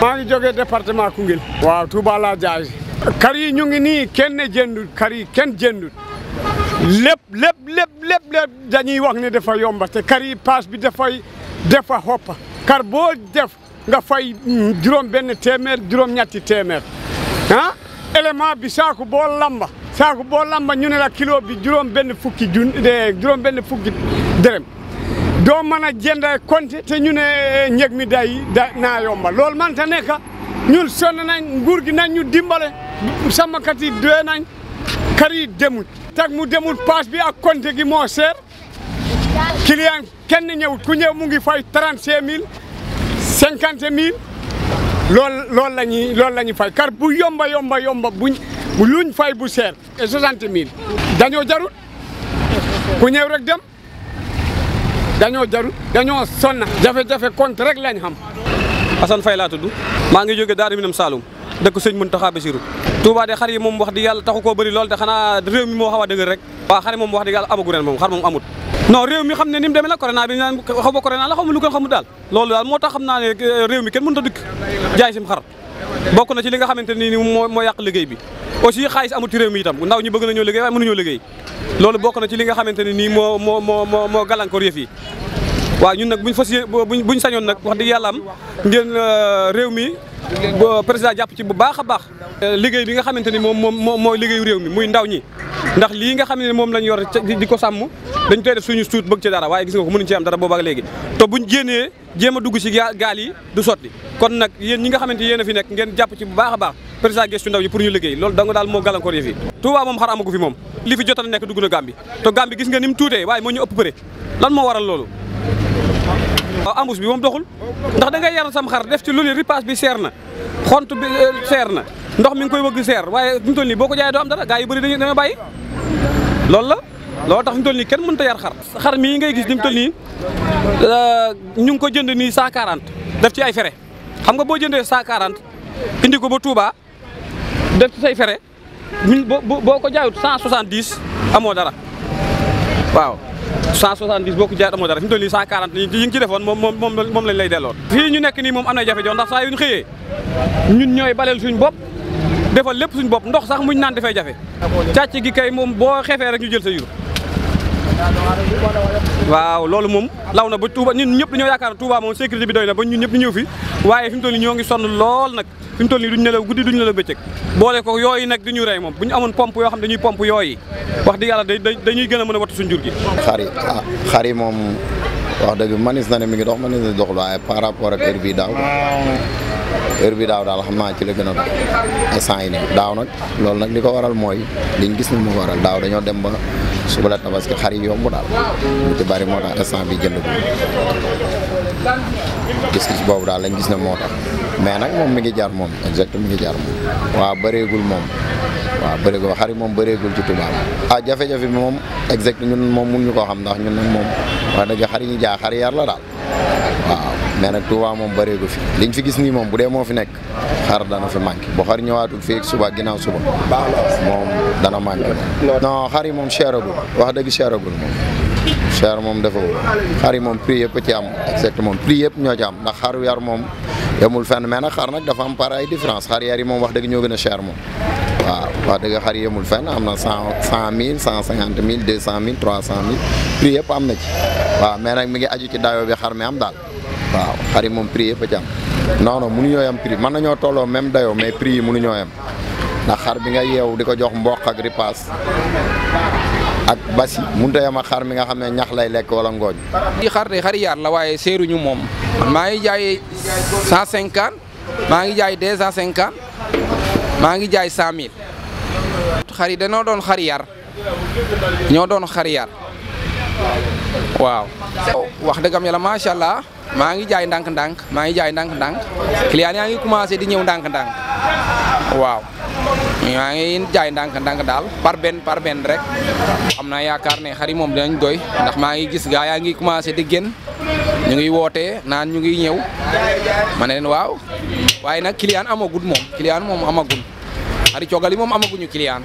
maa ngi jógee département Koungheul. waaw Touba jaay. kar ñu ngi nii kenn jëndul kar kenn jëndul lépp lépp lépp lépp lépp wax ne dafa yomba te kar yi paas bi dafay dafa xoppa kar def nga fay mm, juróom benn téeméer juróom ñetti téeméer ah bi saaku boo lamba saaku boo lamba ñu ne la kilo bi juróom benn fukki jun eh, doo mën a jënd konti te ñu ne ñëg eh, mi day da naa yomba lool man ta nekk ñun sonn nañ nguur gi nañ ñu dimbale sàmmkat yi dee nañ kar yi demut mu demut paas bi ak konti gi moo seer client kenn ñëwut ku ñëw mu ngi fay trente cinq mille cinquante mille loolu loolu la ñuy loolu la ñuy fay kar bu yomba yomba yomba buñ luñ fay bu seer et soixante mille dañoo jarut ku ñëw rek dem dañoo jaru dañoo sonna jafe-jafe compte rek lañ xam. Assane fay laa du maa ngi jóge Daaru Minam Saloum dëkk sëñ Mountakha tax a de xar yi moom wax di yàlla taxu koo bëri lool te xanaa réew mi a dëgër rek waaw xar yi moom wax di xam ne ni mu demee la corona bi naan xaw ma corona la xaw lu gën xamut daal loolu daal moo tax xam naa ne réew mi kenn mënut a dëkk jaay sim xar bokk na ci li nga xamante ni moo yàq liggéey bi aussi xaalis amul ci réew mi itam ndaw ñi bëgg nañoo liggéey waaye mënuñoo liggéey loolu bokk na ci li nga xamante ne nii moo moo moo moo moo gàllankoor yëf yi waaw ñun nag buñ fas buñ buñ sañoon nag dëgg yàlla am ngeen euh, réew mi président jàpp ci bu baax a baax liggéey bi nga xamante ni moom moom mooy liggéeyu réew mi muy ndaw ñi ndax lii nga xam ne moom lañ yor di ko sàmm dañ koy def suñu suut bëgg ci dara waaye gis nga ko mënuñ ci am dara booba léegi te bu jéenee jéem a dugg ci gaal yi du sotti kon nag yéen ñi nga xamante yéen a fi nekk ngeen jàpp ci bu baax a baax président gëstu ndaw ñi pour ñu liggéey loolu danga daal moo gàllankoor yi fi Touba moom xar amagu fi moom li fi jotal nekk dugg na Gàmbi te Gàmbi gis nga ni mu tuutee waaye moo ñu ëpp bëre lan moo waral loolu waaw ah, embouche moom doxul ndax da ngay yar sam xar def ci lu ne ripaas bi seer na xont bi euh, seer na ndox mi ngi koy bëgg seer waaye fi mu toll nii boo ko jaayee doo am dara gaa yu bëri dañuy dañoo bàyyi loolu la loolu tax fi mu toll nii kenn mënut a yar xar xar mii ngay gis ni mu toll nii euh, ñu ngi ko jënd nii 140 def ci ay fere xam nga boo jëndee 140 indi ko ba Touba def say fere ñun boo boo ko jaayut 170 amoo dara waaw 170 boo ko jaayut amoo dara fi mu toll nii 140 yi ñu ci defoon moom moom moom lañ lay delloo. fii ñu nekk nii moom am na jafe-jafe ndax saa yu ñu xëyee ñun ñooy baleel suñ bopp defal lépp suñ bopp ndox sax muñ naan dafay jafe càcc gi kay moom boo xefee rek ñu jël sa yur. waaw loolu moom law na ba Touba ñun ñëpp dañoo yaakaar Touba moom sécurité bi doy na ba ñu ñëpp ñëw fi waaye fi mu toll nii ñoo ngi sonn lool nag. fi mu toll nii duñ nelaw guddi duñ nelaw bëccëg boole ko yooyu nag duñu rey moom bu ñu amoon pompe yoo xam dañuy pompe yooyu wax dëgg yàlla dañuy gën a mën a wattu suñ jur gi xar yi ah xar moom wax dëgg manis na ne mi ngi dox manis na doxul waaye par rapport ak heure bii daaw heure bi daaw daal xam naa ci la gën a dox instant yi nii daaw nag loolu nag li ko waral mooy liñ gis ni mu waral daaw dañoo dem ba suba la tabaski xar yi yomb daal mu ci bari moo tax instant bi jënd ko gis-gis boobu daal lañ gis na moo tax mais nag moom mi ngi jaar moom exact mi ngi jaar moom waaw bëreegul moom waaw bëreegul xarit moom bëreegul ci tubaab a ah, jafe-jafe moom exact ñun moom mun ñu koo xam ndax ñun nag moom wax dëgg xari yi ñu jaay xar yar la daal waaw mais nag Touba moom bëreegu fi liñ fi gis nii moom bu dee moo fi nekk xar dana fi manqué bu xar ñëwaatul fii ak suba ginnaaw suba moom dana manqué non xar yi moom cheragul wax dëgg cheragul moom cher moom dafa xar yi moom prix yëpp ci am exactement moom prix yëpp ñoo ci am ndax xaru yar moom yemul fenn mee na xar nag dafa am par ay différence xar yar yi moom wax dëgg ñoo gën a cher moom waaw wax dëgg xar yemul fenn am na cent cent mille cent cinquante mille deux cent mille trois cent mille prix yëpp am na ci waaw mais nag mi ngi aju ci dayoo bi xar mi am daal waaw xar yi moom prix yëpp ci am non non mënuñoo yem prix mën ñoo tolloo même dayoo mais prix yi mënuñoo yem ndax xar bi nga yeew di ko jox mboq ak ripaas ak basi mënut a yem xar mi nga xam ne ñax lay lekk wala ngooñ. di xar de la waaye seeruñu moom maa ngi jaay 150 maa ngi jaay 250 maa ngi jaay 100000. xar yi danoo doon xariyar ñoo doon xar waaw. wax dëggam yàlla macha allah maa ngi jaay ndànk-ndànk maa ngi jaay ndànk-ndànk client yaa ngi commencé di ñëw ndànk-ndànk waaw. maa ngi jaay ndànk-ndànk daal par benn par benn rek am naa yaakaar ne xar yi moom danañ doy ndax maa ngi gis gaa yaa ngi commencé di génn ñu ngi woote naan ñu ngi ñëw ma ne leen waaw waaye nag kiliyaan client amagul moom client moom amagul xari coogal yi moom amaguñu client.